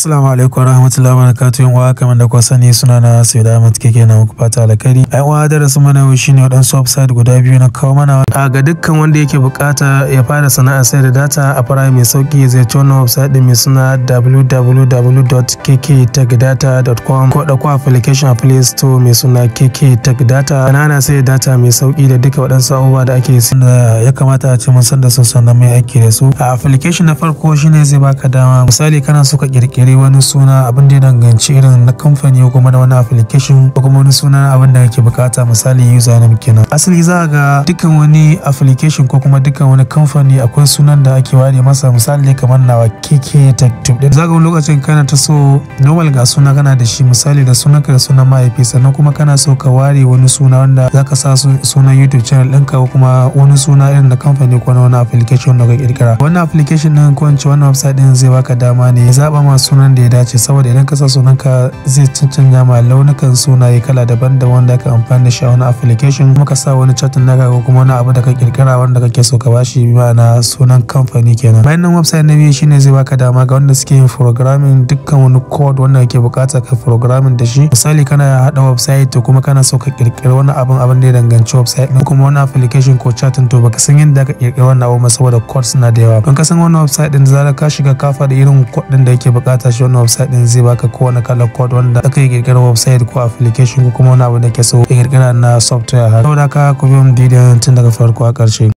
Assalamu alaikum warahmatullahi wabarakatuh yan uwa kamar da kwasa sani suna na sai da Ahmad keke na muku fata alkari ai uwa darasin mana yau shine wadansu website guda biyu na kawo mana a ga dukkan wanda yake bukata ya fara sana'a sayar da data a fara mai sauki zai ci wannan website din mai suna www.kktechdata.com ko da ko application a Play Store mai suna KK Data ana sayar data mai sauki da duka wadansu abubuwa da ake sayar ya kamata a ce mun san da sun mai aiki da su a application na farko shine zai baka dama misali kana so ka kirkiri dai wani suna abin da ya danganci irin na kamfani ko kuma wani application ko kuma wani suna abin da ake bukata misali user name kenan asali za ga dukkan wani application ko kuma dukkan wani kamfani akwai sunan da ake ware masa misali kamar nawa KK Tech Tube din zaga wani lokacin kana ta so normal ga suna kana da shi misali da sunan ka da sunan mahaifi sannan kuma kana so ka ware wani suna wanda zaka sa sunan YouTube channel ɗinka ko kuma wani suna irin na kamfani ko na wani application da ka kirkira wannan application din ko wannan website din zai baka dama ne zaba ma suna sunan da ya dace saboda idan ka sa sunanka zai cancanta ma launukan sunaye kala daban da wanda ka amfani da shi a wani application kuma ka sa wani chatin naka ko kuma wani abu da ka kirkira wanda kake so ka bashi ma'ana sunan kamfani kenan bayan nan website na biyu shine zai baka dama ga wanda suke yin programming dukkan wani code wanda kake bukata ka programming da shi misali kana hada website to kuma kana so ka kirkira wani abin abin da ya danganci website din kuma wani application ko chatin to baka san yadda ka kirkira wannan abu saboda code suna da yawa don ka san website din da ka shiga kafa da irin code din da yake bukata saka website din zai baka kowane kala code wanda aka yi kirkirar website ko application ko kuma wani abu da ke so ya na software haka. Saboda haka ku biyo mu bidiyon tun daga farko a ƙarshe.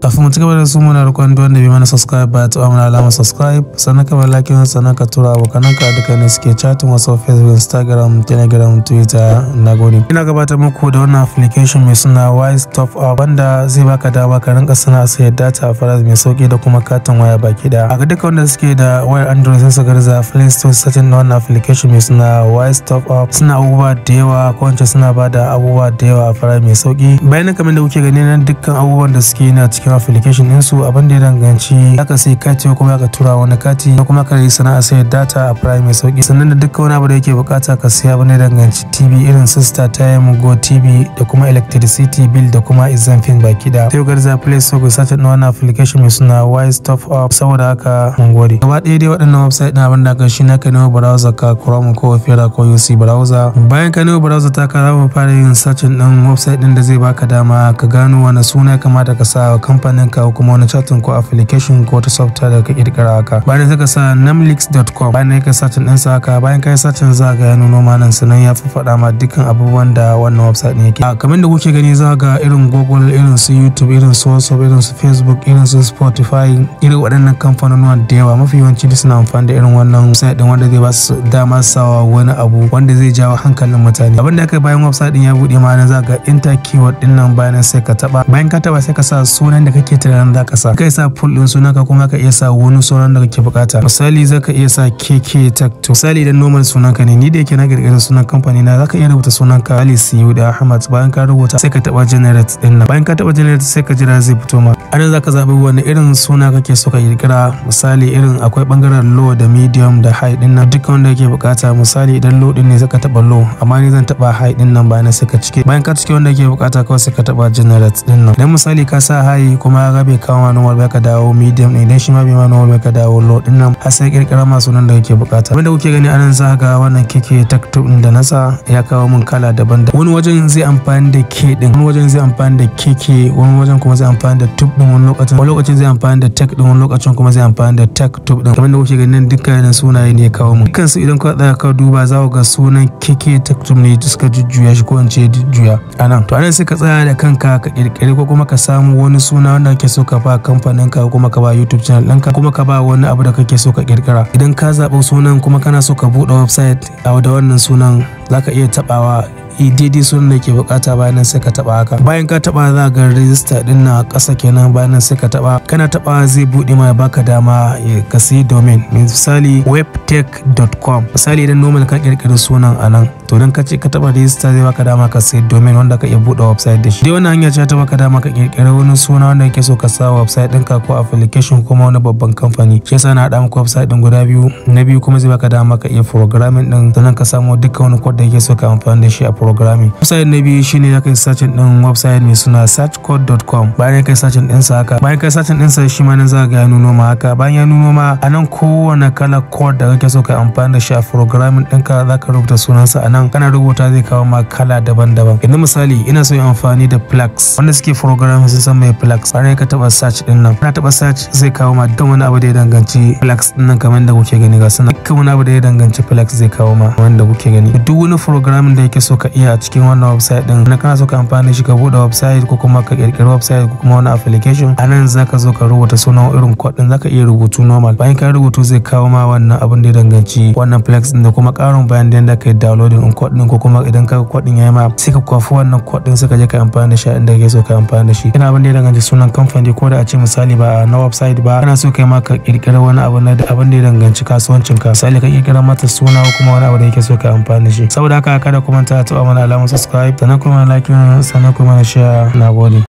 kafin mu cigaba da su muna da bi wanda na mana subscribe ba ta taɓa mana alamar subscribe sannan ka bar like sannan ka tura abokanan ka duka ne suke chatting wasu facebook instagram telegram twitter na gode ina gabatar muku da wannan application mai suna wise top up wanda zai baka dama ka rinka sana sayar data a faras mai sauki da kuma katin waya baki da. a ga duka wanda suke da wayar android sun sagar za play store na wannan application mai suna wise top up suna abubuwa da yawa ko suna bada abubuwa da yawa a faras mai sauki bayan kamar da kuke gani nan dukkan abubuwan da suke na cikin cikin application din su abin da ya danganci zaka sai kati ko kuma ka tura wani kati ko kuma ka yi sana'a sai data a prime mai sauki sannan da dukkan wani abu da yake bukata ka siya abin da ya danganci TV irin sister time go TV da kuma electricity bill da kuma izan fin baki da sai garza play so ku sace na wannan application mai suna wise top up saboda haka mun gode gaba ɗaya dai waɗannan website din abin da ka shi na ka nemo browser ka chrome ko opera ko uc browser bayan ka nemo browser ta ka mu fara yin searching din website din da zai baka dama ka gano wani suna kamata ka sa wa kamfanin ka kuma wani chatin ko application ko ta software da ka kirkira haka bayan da ka sa namlix.com bayan ka sa din sa haka bayan ka yi satin za ka ga nuno ma nan sanan ya fi faɗa ma dukkan abubuwan da wannan website ne yake a ah, kamar da kuke gani za ga irin google irin su youtube irin su whatsapp irin su facebook irin su spotify irin waɗannan kamfanonuwa da yawa mafi yawanci suna amfani da irin wannan site din wanda zai ba su dama sawa wani abu wanda zai jawo hankalin mutane abin da aka bayan website din ya buɗe ma nan za ga enter keyword din nan bayan sai ka taba bayan ka taba sai ka sa sunan da kake tunanin za ka sa kai sa full din sunanka kuma ka iya sa wani sauran da kake bukata misali za ka iya sa KK Tacto misali idan normal sunanka ne ni da yake na girgirin sunan kamfani na za ka iya rubuta sunanka Ali Siyuda Ahmad bayan ka rubuta sai ka taba generate din nan bayan ka taba generate sai ka jira zai fito ma nan za ka zaɓi wani irin suna kake so ka kirkira misali irin akwai bangaren low da medium da high din nan duka wanda kake bukata misali idan low din ne sai ka taba low amma ni zan taba high din nan bayan sai ka cike bayan ka cike wanda kake bukata kawai sai ka taba generate din nan dan misali ka sa high kuma ya gabe kan ma wani ba ka dawo medium ɗin idan shi ma bai ma wani ba ka dawo low din nan har sai kirkira masu nan da kake bukata wanda kuke gani anan za ga wannan keke taktub din da nasa ya kawo mun kala daban da wani wajen zai amfani da ke din wani wajen zai amfani da keke wani wajen kuma zai amfani da tub din wani lokacin wani lokacin zai amfani da tech din wani lokacin kuma zai amfani da tech tube din kamar da kuke gani nan dukkanin sunaye ne ya kawo mun dukkan su idan ka tsaya ka duba za ku ga sunan keke tech ne suka jujjuya shi ko in ce jujjuya anan to anan sai ka tsaya da kanka ka kirkire ko kuma ka samu wani suna na wanda ke so ka ba kamfanin ka kuma ka ba YouTube channel ɗinka kuma ka ba wani abu da kake so ka kirkira idan ka zaɓi sunan kuma kana so ka buɗe website a da wannan sunan zaka iya taɓawa daidai sunan da ke bukata bayan sai ka taba haka bayan ka taba za ga register din na kasa kenan bayan sai ka taba kana taba zai bude ma baka dama ka sayi domain misali webtech.com misali idan normal ka kirkiri sunan anan to dan ka ce ka taba register zai baka dama ka sayi domain wanda ka iya bude website din shi dai wannan hanya ce ta baka dama ka kirkiri wani suna wanda kake so ka sa website ɗinka ko application kuma wani babban kamfani shi yasa na haɗa maka website ɗin guda biyu na biyu kuma zai baka dama ka iya programming din sannan ka samu dukkan wani code da kake so ka amfani da shi a programming website na biyu shine ya kai searching din website mai suna searchcode.com bayan kai searching din sa haka bayan kai searching din sa shi ma nan za ga ya nuno ma haka bayan ya nuno ma a nan kowane kala code da kake so ka amfani da shi a programming ka za ka rubuta sunansa a nan kana rubuta zai kawo ma kala daban-daban yanzu misali ina so yin amfani da plax wanda suke programming sun san mai plax bayan ka taba search din nan kana taba search zai kawo ma duk wani abu da ya danganci plax din nan kamar da kuke gani ga sunan dukkan wani abu da ya danganci plax zai kawo ma wanda kuke gani duk wani programming da yake so ka iya a cikin wannan website din na kana so ka amfani shi ka bude website ko kuma ka kirkiri website ko kuma wani application a nan zaka zo ka rubuta sunan irin code din zaka iya rubutu normal bayan ka rubutu zai kawo ma wannan abin da ya danganci wannan flex din da kuma karin bayan da ka kai downloading din code din ko kuma idan ka code din yayi ma sai ka kwafi wannan code din sai ka je ka amfani da shi inda kake so ka amfani da shi ina abin da ya danganci sunan kamfani ko da a ce misali ba na website ba kana so kai ma ka kirkiri wani abu na abin da danganci kasuwancinka ka misali ka kirkira mata suna ko kuma wani abu da kake so ka amfani da shi saboda haka kada manta ta kuma mana alamar subscribe sannan kuma na like sannan kuma na share na gode